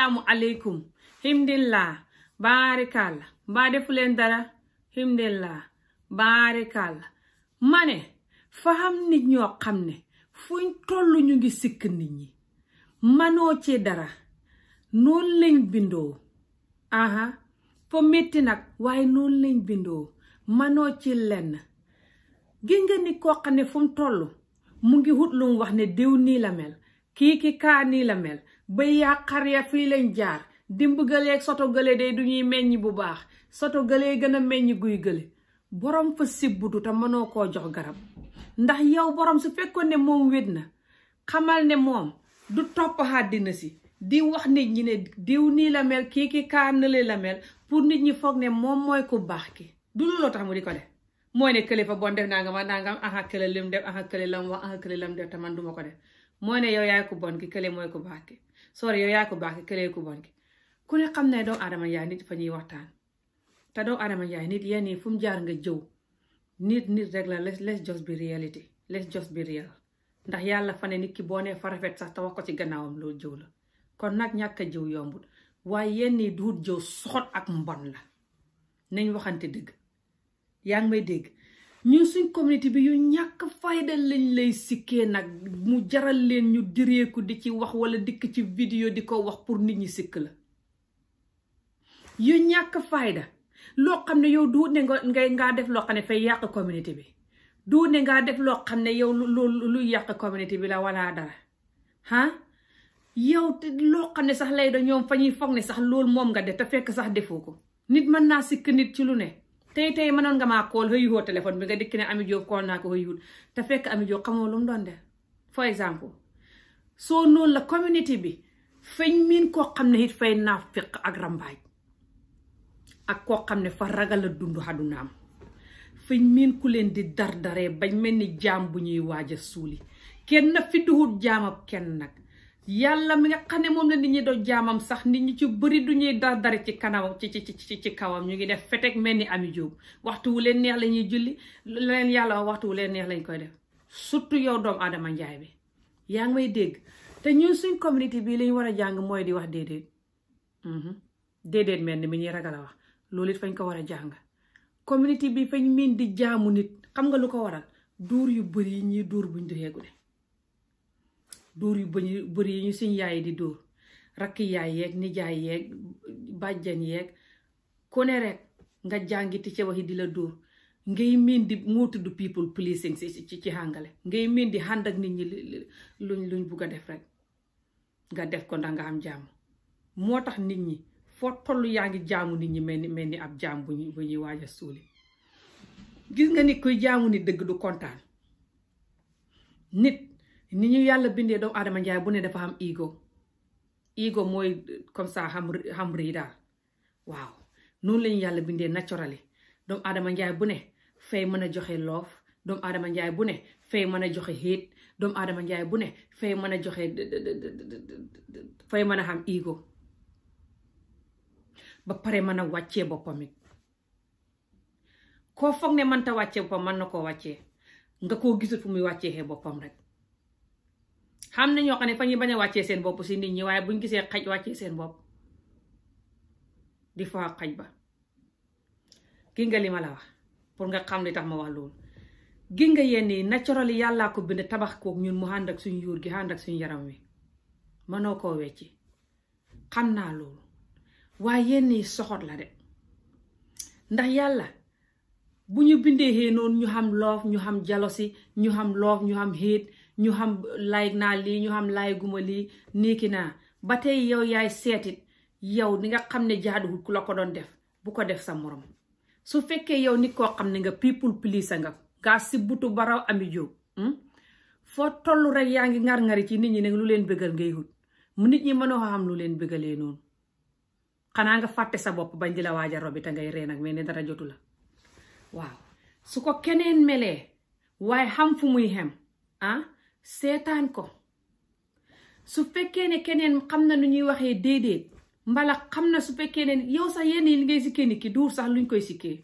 asalaamu aleykum himdillah baarikàlla mbaa defu leen dara himdillah baarikàlla ma ne fa nit ñoo xam ne fuñ toll ñu ngi sikk nit ñi manoo ci dara noonu lañ bindoo aha po metti nag waaye noonu lañ bindoo manoo ci lenn gi nga ni ne fu mu toll mu ngi wut wax ne diw nii la mel kii ki kaa nii la mel bëy yaa ya fii lañ jaar dimb gëleeg soto gële day du ñuy meññ bu baax soto gëlee gën a meññ guy gële borom fa du te mënoo ko jox garab ndax yow borom su fekkoon ne moom wét na xamal ne moom du topp àddina si di wax nit ñi ne diw nii la mel kii ki kaa nële la mel pour nit ñi foog ne moom mooy ku baax ki du looloo tax mu di ko def mooy ne kële fa bon def naa nga ma naa nga am a kële lim def a kële lam wax aha kële lam def te man duma ko def mooy ne yow yaay ku bon ki kële mooy ku baax ki sori yow yaay ku baax ki ku bon ki ku ne xam ne doomu aadama yaay nit fa ñuy waxtaan te doomu aadama yaay nit yenn yi fu mu jaar nga jëw nit nit rek la let's let's just be reality let's just be real ndax yàlla fa ne nit ki boo ne fa rafet sax te wax ko ci gannaawam loolu jëw la kon nag ñàkk a jëw yombul waaye yenn yi duut jëw soxot ak mbon la nañ waxante dëgg yaa ngi may dégg ñun suñ communauté bi yu ñàkk fayda lañ lay sikkee nag mu jaral leen ñu direeku di ci wax wala dikk ci vidéo di ko wax pour nit ñi sikk la yu ñàkk fayda loo xam ne yow du ne nga ngaa def loo xam ne fay yàq communauté bi du ne ngaa def loo xam ne yow lu yàq communauté bi la wala dara ah yow loo xam ne sax lay da ñoom fa ñuy foog ne sax loolu moom nga def te fekk sax defoo ko nit mën naa sikk nit ci lu ne tey tey mënoon nga maa kool xëyuwoo téléphone bi nga dikk ne Ami Jóob kool naa ko xëyuwut te fekk Ami Jóob xamoo lu mu doon def for exemple soo noonu la community bi feñ miin koo xam ne it fay naafiq ak rambaaj ak koo xam ne fa ragal a dund xadunaam feñ miin ku leen di dardaree bañ mel ni jaam bu ñuy waaj suuli kenn fi duhut jaamab kenn nag yàlla mi nga xam ne moom la nit ñi doon jaamam sax nit ñi ci bëri du ñuy dar dari ci kanawam ci ci ci ci kawam ñu ngi def fetek mel ni Ami Jóob waxtu wu leen neex la ñuy julli leen yàlla waxtu wu leen neex lañu koy def surtout yow doomu Adama Njaay bi yaa ngi may dégg te ñun suñ communauté bii li war a jàng mooy di wax déedéet mhm. déedéet mel ni mi ñuy ragal a loolu it fañ ko war a jàng communauté bi fañ miin di jaamu nit xam nga lu ko waral duur yu bëri yi ñuy duur buñ doxeegu ne dóor yu bëri bëri yi ñu suñ yaay di dóor rakk yaay yeeg nijaay yeeg bàjjan yeeg ku ne rek nga jàngiti ci waxi di la dóor nga miin di moo tudd ci ci àngale ngay miin di ànd ak nit ñi luñ luñ bugg a def rek nga def ko ndax nga am jàmm moo tax nit ñi foo toll yaa ngi jaamu nit ñi mel ni mel ni ab jaam bu ñuy bu ñuy suuli gis nga nit kuy jaamu nit dëgg du kontaan nit ni ñu yàlla bindee doomu adama njaay bu ne dafa am ego ego mooy comme ça xam xam waaw noonu lañu yàlla bindee naturally doomu adama njaay bu ne fay mën a joxe loof doomu aadama njaay bu ne fay mën a joxe xéet doomu aadama njaay bu ne fay mën a joxe fay mën a xam ego ba pare mën a wàccee boppam it koo foog ne mënta wàccee boppam mën na koo wàccee nga koo gisul fu muy wàccee boppam rek xam na ñoo xam ne fa ñuy bañ wàccee seen bopp si nit ñi waaye buñ gisee xaj wàccee seen bopp di fa xaj ba gi nga li ma la wax pour nga xam li tax ma wax loolu gi nga yenn yi naturel yàllaa ko bind tabax kook ñun mu ànd ak suñ yuur gi ànd ak suñ yaram wi mënoo koo wecci xam naa loolu waaye yenn yi soxot la de ndax yàlla bu ñu bindee xee noonu ñu xam loof ñu xam jalosi ñu xam loof ñu xam xéet ñu xam lay naa lii ñu xam lay guma lii nii naa ba tey yow yaay seetit yow ni nga xam ne jaaduwul ku la ko doon def bu ko def sa moroom su fekkee yow nit koo xam ne nga people pleaser nga gaa si butu baraw ami jóob hmm? foo toll rek yaa ngi ngar-ngari ci nit ñi nag lu leen bëggal ngay hut mu nit ñi mënoo xam lu leen bëggalee noonu xanaa nga fàtte sa bopp bañ di la waaja robi te ngay reen ak ne dara jotu la waaw su ko keneen melee waaye xam fu muy xem ah? seetaan ko su fekkee ne keneen xam na nu ñuy waxee déedéet mbala xam na su fekkee ne yow sax yenn yi li ngay sikkee nit ki duur sax luñ koy sikkee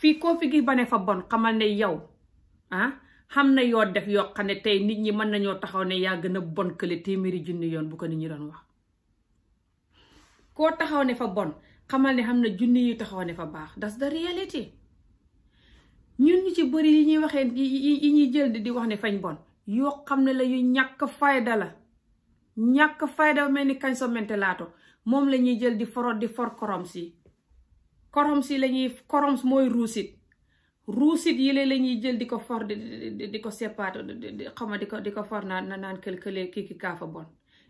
fii koo fi gis ba ne fa bon xamal ne yow ah, xam na yoo def yoo xam ne tey nit ñi mën nañoo taxaw ne yaa gën a bon kële téeméeri junni yoon bu ko nit ñi doon wax koo taxaw ne fa bon xamal ne xam na junni yu taxaw ne fa baax das the reality ñun ñu ci bëri yi ñuy waxee yi ñuy jël di wax ne fañ bon yoo xam ne lañuy yu ñàkk fayda la ñàkk fayda mel ni kañ so mente laato moom la ñuy jël di forot di for koroms yi koroms yi la ñuy koroms mooy ruusit ruusit yi la ñuy jël di ko for di ko sepaato xama di ko di ko for naan naan kël këlee kii ki kaafa bon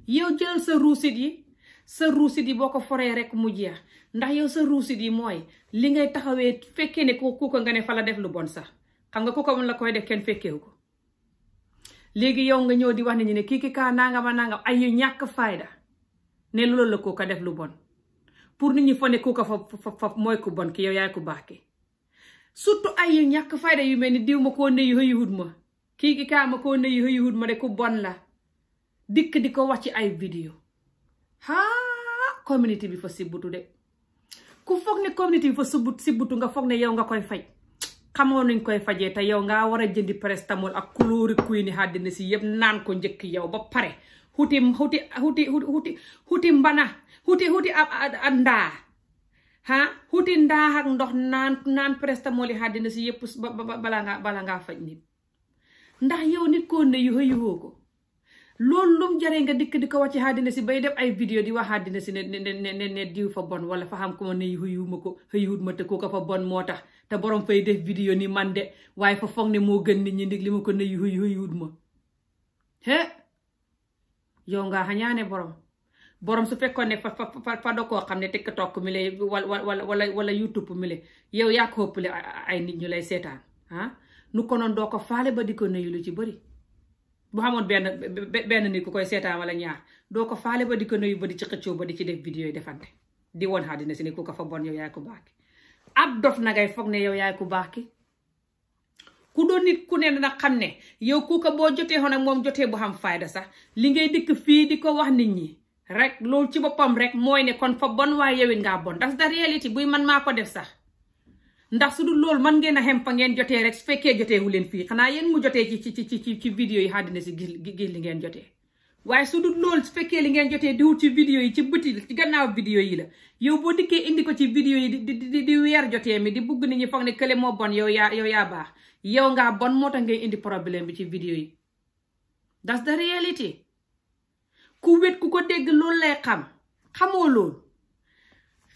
yow jël sa ruusit yi sa ruusit yi boo ko foree rek mu jeex ndax yow sa ruusit yi mooy li ngay taxawee fekkee ne ku ko nga ne fa la def lu bon sax xam nga ku ko la koy def kenn fekkeewu ko léegi yow nga ñëw di wax nañu ne kii ki kaa nangama nangam ay yu ñàkk fayda ne loolu la kooka def lu bon pour nit ñi fa ne mooy ku bon ki yow yaay ku baax ki surtout ay yu ñàkk fayda yu mel ni diw ma koo nëyu hëyuhut ma kii ki kaa ma koo ma de ku bon la dikk di ko wax ci ay vidéo haa community bi fa sibbutu de ku foog ne community bi fa sibbutu nga foog ne yow nga koy faj xamoon nañ koy fajee te yow ngaa war a jëndi paracetamol ak chloroquine àddina si yëpp naan ko njëkk yow ba pare xuti xuti xuti xuti xuti mbana xuti xuti ab ndaa ah xuti ndaa ak ndox naan naan paracetamol yi àddina si yëpp balaa nga balaa ngaa faj nit ndax yow nit koo ne yuha yuhoo loolu lum jaree nga dikk di ko wàcc xaddina si bay def ay vidéo di wax dina si ne ne ne ne diw fa bon wala fa xam ko ma ne xëywu ma ma te kooka fa bon moo tax te borom fay def vidéo ni man de waaye fa foog ne moo gën nit ñi ndig li ma ko nëyu xëyu xëyuwut ma he yow ngaa xañaane borom borom su fekkoon ne fa fa fa do koo xam ne TikTok mi lay wala wala wala YouTube mi lay yow yaa ko ëppale ay nit ñu lay seetaan ah? nu konoon doo ko faale ba di ko nëyu lu ci bëri bu xamoon benn benn nit ku koy seetaan wala ñaar doo ko faale ba di ko nuyu ba di ci xëccoo ba di ci def vidéo yi defante di woon xaa dina si ne ku ko fa bon yow yaay ku baax ab dof na ngay foog ne yow yaay ku baax ki ku doon nit ku ne nag xam ne yow ku ko boo jotee xoon ak moom jotee bu xam fayda sax li ngay dikk fii di ko wax nit ñi rek loolu ci boppam rek mooy ne kon fa bon waaye yowit ngaa bon ndax da réalité buy man maa ko def sax ndax su dul loolu mën ngeen a xem fa ngeen jotee rek su fekkee joteewu leen fii xanaa yéen mu jotee ci ci ci ci ci vidéo yi xaddina si gis gis li ngeen jotee waaye su dul lool su fekkee li ngeen jotee diwut ci vidéo yi ci bëti ci gannaaw vidéo yi la yow boo dikkee indi ko ci vidéo yi di di di weer jotee mi di bugg nit ñi foog ne kële moo bon yow yaa yow yaa baax yow ngaa bon moo tax ngay indi problème bi ci vidéo yi that's the reality ku wét ku ko dégg loolu lay xam xamoo loolu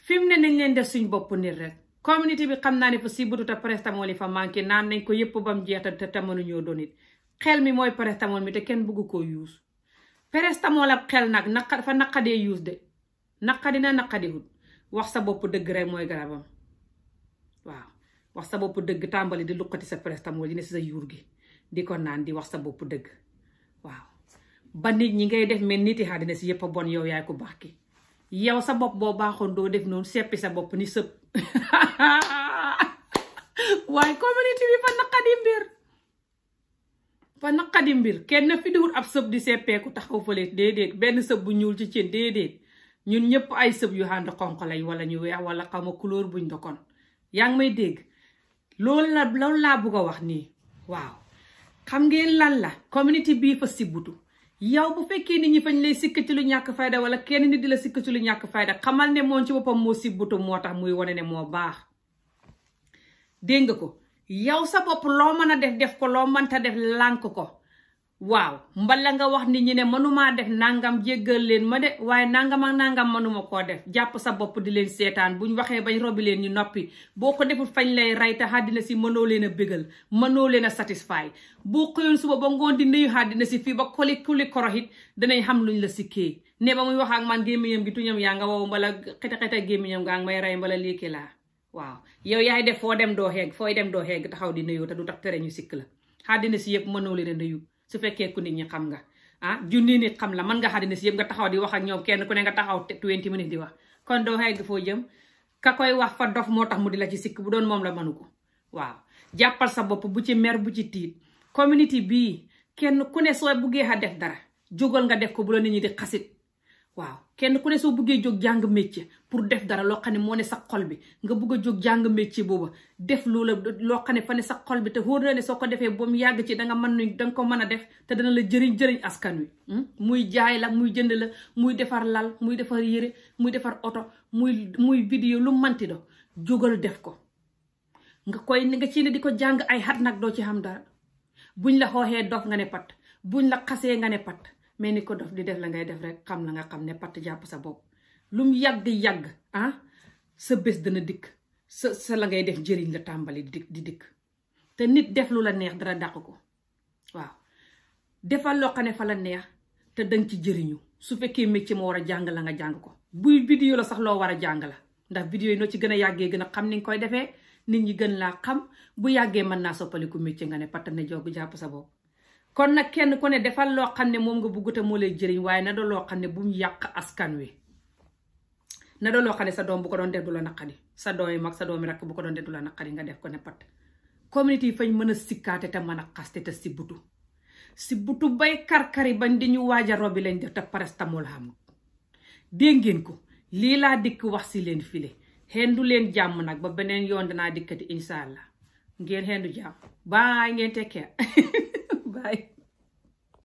fi ne nañ leen def suñ bopp nit communauté bi xam naa ne fa sibbitu te paracetamol yi fa manqué naan nañ ko yépp ba mu jeex te mënuñoo donit xel mi mooy paracetamol mi te kenn bëgg koo yuus paracetamol ab xel nag naqa fa naqadee yuus de naqadi na naqadiwut wax sa bopp dëgg rek mooy garabam waaw wax sa bopp dëgg tàmbali di luqati sa paracetamol yi ne si sa yuur gi di ko naan di wax sa bopp dëgg waaw ba nit ñi ngay def mel niti xaa dina si yépp a bon yow yaay ko baax ki yow sa bopp boo baaxoon doo def noonu seppi sa bopp ni sëb waaye community bi fa naqadi mbir fa naqadi mbir kenn fi diwul ab sëb di seppeeku taxaw fële déedéet benn sëb bu ñuul ci cin déedéet ñun ñëpp ay sëb yu ànd xonq lañ wala ñu weex wala xama couleur buñ dokon yaa ngi may dégg loolu la loolu laa bugg a wax nii waaw xam ngeen lan la community bii fa sibbutu yow bu fekkee nit ñi fañ lay sikkati lu ñàkk fayda wala kenn nit di la sikk lu ñàkk fayda xamal ne moom ci boppam moo sibbutu moo tax muy wane ne moo baax dégg nga ko yow sa bopp loo mën a def def ko loo mënta def lànk ko waaw mbala nga wax nit ñi ne mënumaa def nangam jéggal leen ma de waaye nangam ak nangam mënuma koo def jàpp sa bopp di leen seetaan buñ waxee bañ robi leen ñu noppi boo ko deful fañ lay rey te àddina si mënoo leen a bégal mënoo leen a satisfy boo xëyoon suba ba ngoon di nuyu àddina si fii ba koli kuli koroxit danañ xam luñ la sikkee ne ba muy wax ak man gémmiñam gi tuñam yaa nga wow mbala xete xete gémmiñam nga may rey waaw yow yaay def foo dem doo xeeg fooy dem doo xeeg taxaw di nuyu te du tax tere ñu sikk la àddina si yëpp mënoo leen a nuyu su fekkee ku nit ñi xam nga ah junni nit xam la man nga xaddi si yëpp nga taxaw di wax ak ñoom kenn ku ne nga taxaw 20 minutes di wax kon doo xegg foo jëm ka koy wax fa dof moo tax mu di la ci sikk bu doon moom la manu ko waaw jàppal sa bopp bu ci mer bu ci tiit community bii kenn ku ne soo buggee a def dara jógal nga def ko bu la nit ñi di xasit waaw kenn ku ne soo bëggee jóg jàng métier pour def dara loo xam ne moo ne sa xol bi nga bugg jóg jàng métier booba def loola loo xam ne fa ne sa xol bi te wóor na ne soo ko defee ba mu yàgg ci danga mën nuñ danga ko mën a def te dana la jëriñ jëriñ askan wi. Hmm? muy jaay la muy jënd la muy defar lal muy defar yére muy defar oto muy muy vidéo lu manti do jógal def ko nga koy nga ci ne di ko jàng ay xat nag doo ci xam dara buñ la xooxee dof nga ne pat buñ la xasee nga ne pat. mais ni ko dof di def la ngay def rek xam la nga xam ne patt jàpp sa bopp lum yàgg-yàgg ah sa bés dana dikk sa sa la ngay def njëriñ la tàmbali di di dikk te nit def lu la neex dara daq ko waaw defal loo xam ne fa la neex te danga ci jëriñu su fekkee métier moo war a jàng la nga jàng ko buy vidéo la sax loo war a jàng la ndax vidéo yi noo ci gën a yàggee gën a xam ni nga koy defee nit ñi gën laa xam bu yàggee mën naa soppaliku métier nga ne patt na joogu jàpp sa bopp kon nag kenn ku ne defal loo xam ne moom nga bugg te moo lay jëriñ waaye na doon loo xam ne bu mu yàq askan wi na doon loo xam ne sa doom bu ko doon def du la naqari sa doom yi mag sa doom yi rakk bu ko doon def du la naqari nga def ko ne pat communauté yi fañ mën a sikkaate te mën a xaste te si butu si butu bay karkari bañ di ñu waaja robi lañ def te parastamol xamul dégg ngeen ko lii laa dikk wax si leen file xendu leen jàmm nag ba beneen yoon danaa dikkati incha allah ngeen xendu jàmm baay ngeen tekkee Bye.